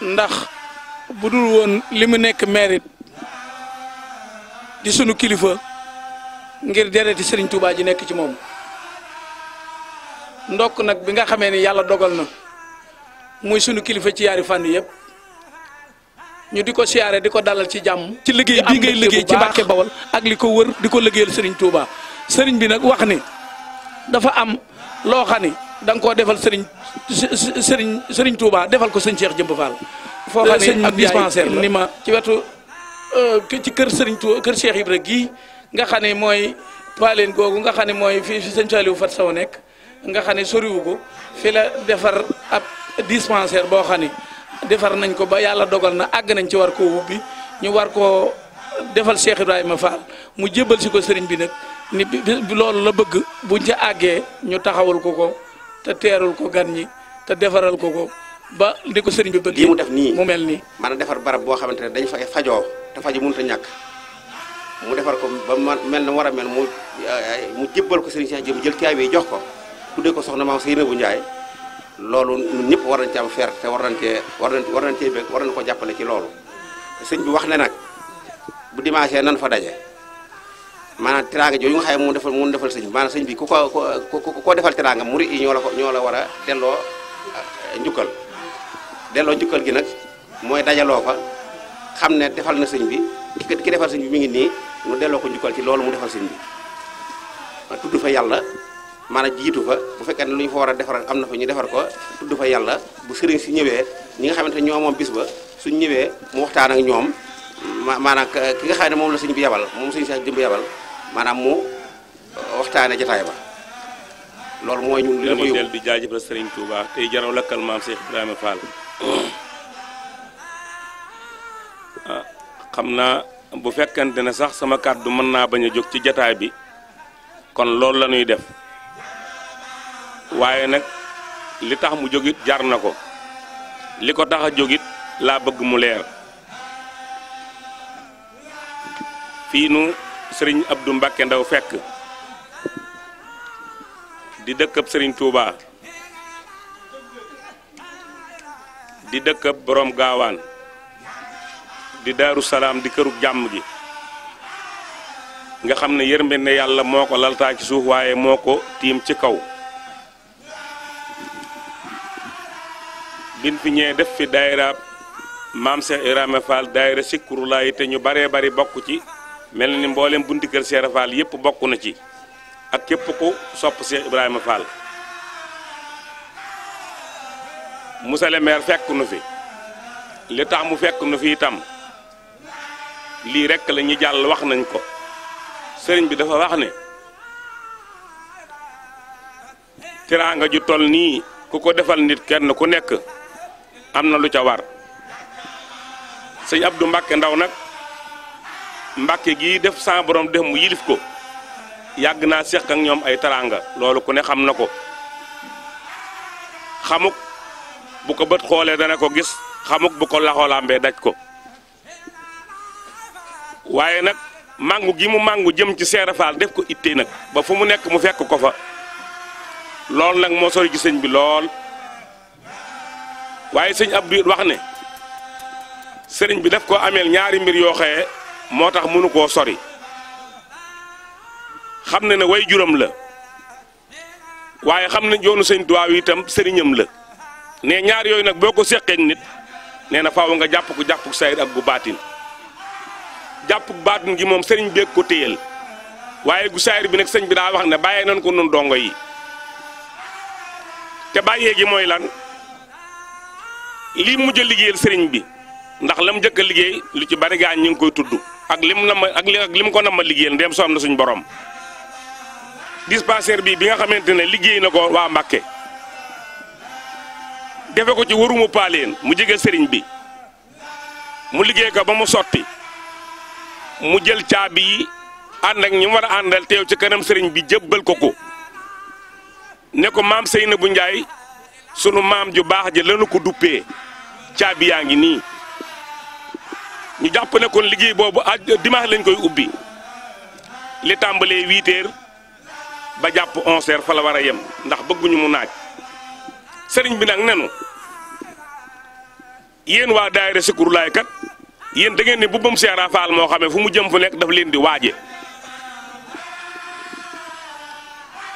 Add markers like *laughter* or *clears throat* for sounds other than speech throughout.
ndax bu dul woon li mu nekk mérite di sunu kilifa ngir dereti sëriñ Touba ji nekk ci moom ndokk nag bi nga xamee ni yàlla dogal na muy sunu kilifa ci yaari fànn yëpp ñu di ko siyaare di ko dalal ci jàmm. ci liggéey bii ngay liggéey ci Mbàkke Bawol ak li ko wër di ko liggéeyal sëriñ Touba sëriñ bi nag wax ni dafa am loo ni dang nga koo defal sëriñ sëriñ sëriñ Touba defal ko sëñ Cheikh Jëmb Fall. foofa ne ab dispensaire ni ma ci wetu euh, ci kër sëriñ Touba kër Cheikh Ibra gii nga xam ne mooy paaleen googu nga xam ne mooy fii fi Fat Saw nekk nga xam ne soriwu ko fi la defar ab dispensaire boo xam ne defar nañ ko ba yàlla dogal na àgg nañ ci war koo wubbi ñu war koo defal Cheikh Ibrahima Fall mu jébbal si ko sëriñ bi nag ni loolu la bëgg bu ca àggee ñu taxawul ko ko. te teerul ko gan ñi te defaral ko ko ba li ko sëriñ bi bëgg. lii mu def nii mu mel ni nii. a defar barab boo xamante ne dañ fay fajoo ta faju mënut a ñàkk mu defar ko ba mel na war a mel mu eh, mu jébbal ko sëriñ Cheikh Diop jël caabi yi jox ko tuddee ko soxna maam bu Ndiaye loolu ñun ñëpp war a ci am fer te war nañ cee war nañ war nañ cee war nañ ko jàppale ci loolu sëñ bi wax ne nag bu dimanche nan fa daje. maanaam teraanga jooju nga xam mu defal mu defal sëñ bi a sëñ bi ku ko ku ko defal teraanga muri yi ñoo la ko ñoo la war a delloo ah, njukkal delloo njukkal gi nag mooy dajaloo fa xam ne defal na sëñ bi ki defal sëñ bi mi ngi nii mu delloo ko njukkal ci loolu mu defal sëñ bi tudd fa yàlla maanaam jiitu fa bu fekkee ne lu ñu fa war a defar am na fa ñu defar ko tudd fa yàlla bu sëriñ si ñëwee ñi nga xamante ne ñoo moom bis ba suñ ñëwee mu waxtaan ak ñoom maanaam ki nga xam ne moom la sëñ bi yabal moom sëñ si jëm yabal maanaam mu waxtaane jataay ba loolu mooy ñun li la ko yóbbu del di jaajëfal sëriñ tey jaraw lakkal maam Cheikh Ibrahima Fall ah, xam naa bu fekkante ne sax sama kàddu mën naa bañ a jóg ci jataay bi kon loolu la ñuy def waaye nag li tax mu jógit jar na ko li ko tax a jógit laa bëgg mu leer fii nu sëriñ du Mbacke Ndaw fekk di dëkkab sëriñ Touba di dëkkab boroom gaawaan di daaru salaam di kërug jàmm gi nga xam ne yërmande yàlla moo ko laltaa ci suuf waaye moo ko tiim ci kaw bin fi ñee def fi daayira maam Cheikh Ibrahima Fall daayira sikkurulaay te ñu baree bari bokk ci mel ni mboolem bunti kër Cheikh Ibra yëpp bokk na ci ak képp ku sopp Cheikh Ibrahima Fall monsieur le maire fekk nu fi li tax mu fekk nu fi itam lii rekk la ñu jàll wax nañ ko sëriñ bi dafa wax ne teraanga ju toll nii ku ko defal nit kenn ku nekk am na lu ca war ab Abdou Mbacke ndaw nag mbàkke gi def sa borom def mu yilif ko yàgg naa seq ak ñoom ay taraanga loolu ku ne xam na ko xamuk bu ko bët xoolee dana ko gis xamuk bu ko laxoolambee daj ko waaye nag màngu gi mu màngu jëm ci Seera Faal def ko ittee nag ba fu mu nekk mu fekk ko fa loolu nag moo sori ci sëñ bi lool waaye sëñ Abdou wax ne sëriñ bi def koo ameel ñaari mbir yoo xëyee moo tax mënu koo sori xam na ne way juróom la waaye xam na yoonu sëñ Tuubaa wi itam sëriñam la ne ñaar yooyu nag boo ko séqeek nit nee na faaw nga jàpp ko jàpp sayir ak gu baatin jàpp gu baatin gi moom sëriñ beeg ko téyal waaye gu sayir bi nag sëñ bi daa wax ne bàyyee nañ ko nun dongo yi te bàyyee gi mooy lan lii mujj a liggéeyal sëriñ bi ndax lam njëkk a liggéey lu ci bari gaañ ñu ngi koy tudd ak lim na ma ak lim ko na ma liggéeyal ndéem soo na suñu borom dispensaire bi bi nga xamante ne liggéey na ko waa Mbàkke defe ko ci warumu paaleen mu jege sëriñ bi mu liggéey ko ba mu sotti mu jël caabi yi ànd ak ñi war a àndal teew ci kanam sëriñ bi jëbbal ko ko ne ko maam Seyna bu Njaay sunu maam ju baax ji lanu ko duppee caabi yaa ngi nii ñu jàpp nekkoon liggéey boobu aj dimanche lañu koy ubbi li tàmbalee huit ba jàpp onze heures fa la war a yem ndax bëgguñu mu naaj sëriñ bi nag nenu yéen waa daayira Sikru Laay kat yéen da ngeen ne bu bam seera faal moo xamee fu mu jëm fu nekk daf leen di waaje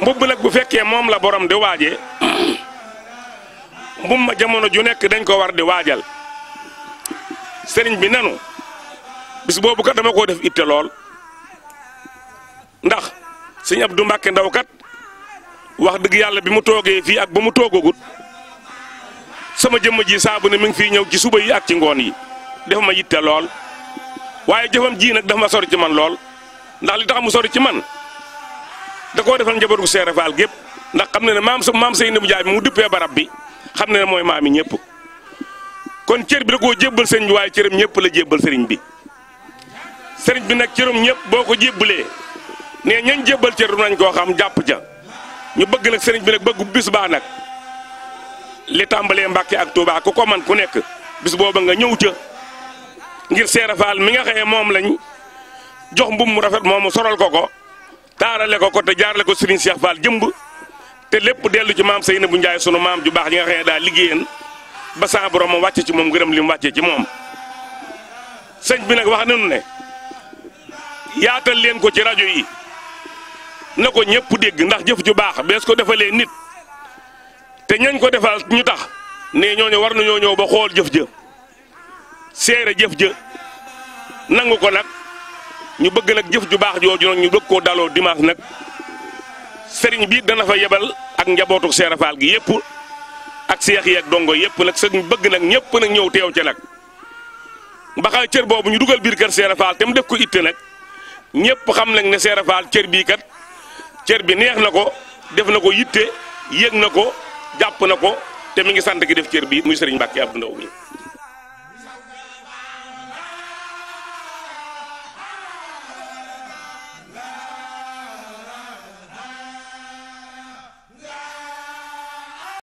mbubb nag bu fekkee moom la borom di waaje *clears throat* mbubb ma jamono ju nekk dañ ko war di waajal sëriñ bi nenu bis boobu kat dama koo def itte lool ndax sëñ Abdou Mbacke ndaw kat wax dëgg yàlla bi mu toogee fii ak ba mu toogagut sama jëmm ji saabu ne mi ngi fii ñëw ci suba yi ak ci ngoon yi def ma yitte lool waaye jëfam ji nag dafa ma sori ci man lool ndax li tax mu sori ci man da koo defal njabootu Seere Faal gépp ndax xam na ne maam sa maam Seydou Ndiaye bi mu duppee barab bi xam na mooy maam yi ñëpp. kon cër bi da koo jébbal sëriñ bi waaye cëram ñëpp la jébbal sëriñ bi sëriñ bi nag cëram ñëpp boo ko jébbalee ne ñañ jébbal cër du nañ koo xam jàpp ca ñu bëgg nag sëriñ bi nag bëgg bis baa nag li tàmbalee Mbàkke ak Touba ku ko man ku nekk bis booba nga ñëw ca ngir seera faal mi nga xëyee moom lañu jox mbub mu rafet moomu soral ko ko taarale ko ko te jaarale ko Serigne Cheikh Fall jëmb te lépp dellu ci maam Seyna bu Njaay sunu maam ju baax yi nga xam ne daa ba sa borom ma wàcce ci moom ngërëm li mu wàccee ci moom sëñ bi nag wax nañu ne yaatal leen ko ci rajo yi na ko ñëpp dégg ndax jëf ju baax bees ko defalee nit te ñañ ko defal ñu tax ne ñooñu war nañoo ñëw ba xool jëf jë seere jëf jë nangu ko nag ñu bëgg nag jëf ju baax jooju nag ñu bëgg koo daloo dimanche nag sëriñ bi dana fa yebal ak njabootu seere faal gi yëpp. ak seex yeeg dongo yëpp nag sëñ bëgg nag ñëpp nag ñëw teew ca nag ba cër boobu ñu dugal biir kër Seera Faal te mu def ko itte nag ñëpp xam nañ ne Seera Faal cër bii kat cër bi neex na ko def na ko yitte yëg na ko jàpp na ko te mi ngi sant ki def cër bi muy sëriñ Mbàkke Abdu Ndaw mi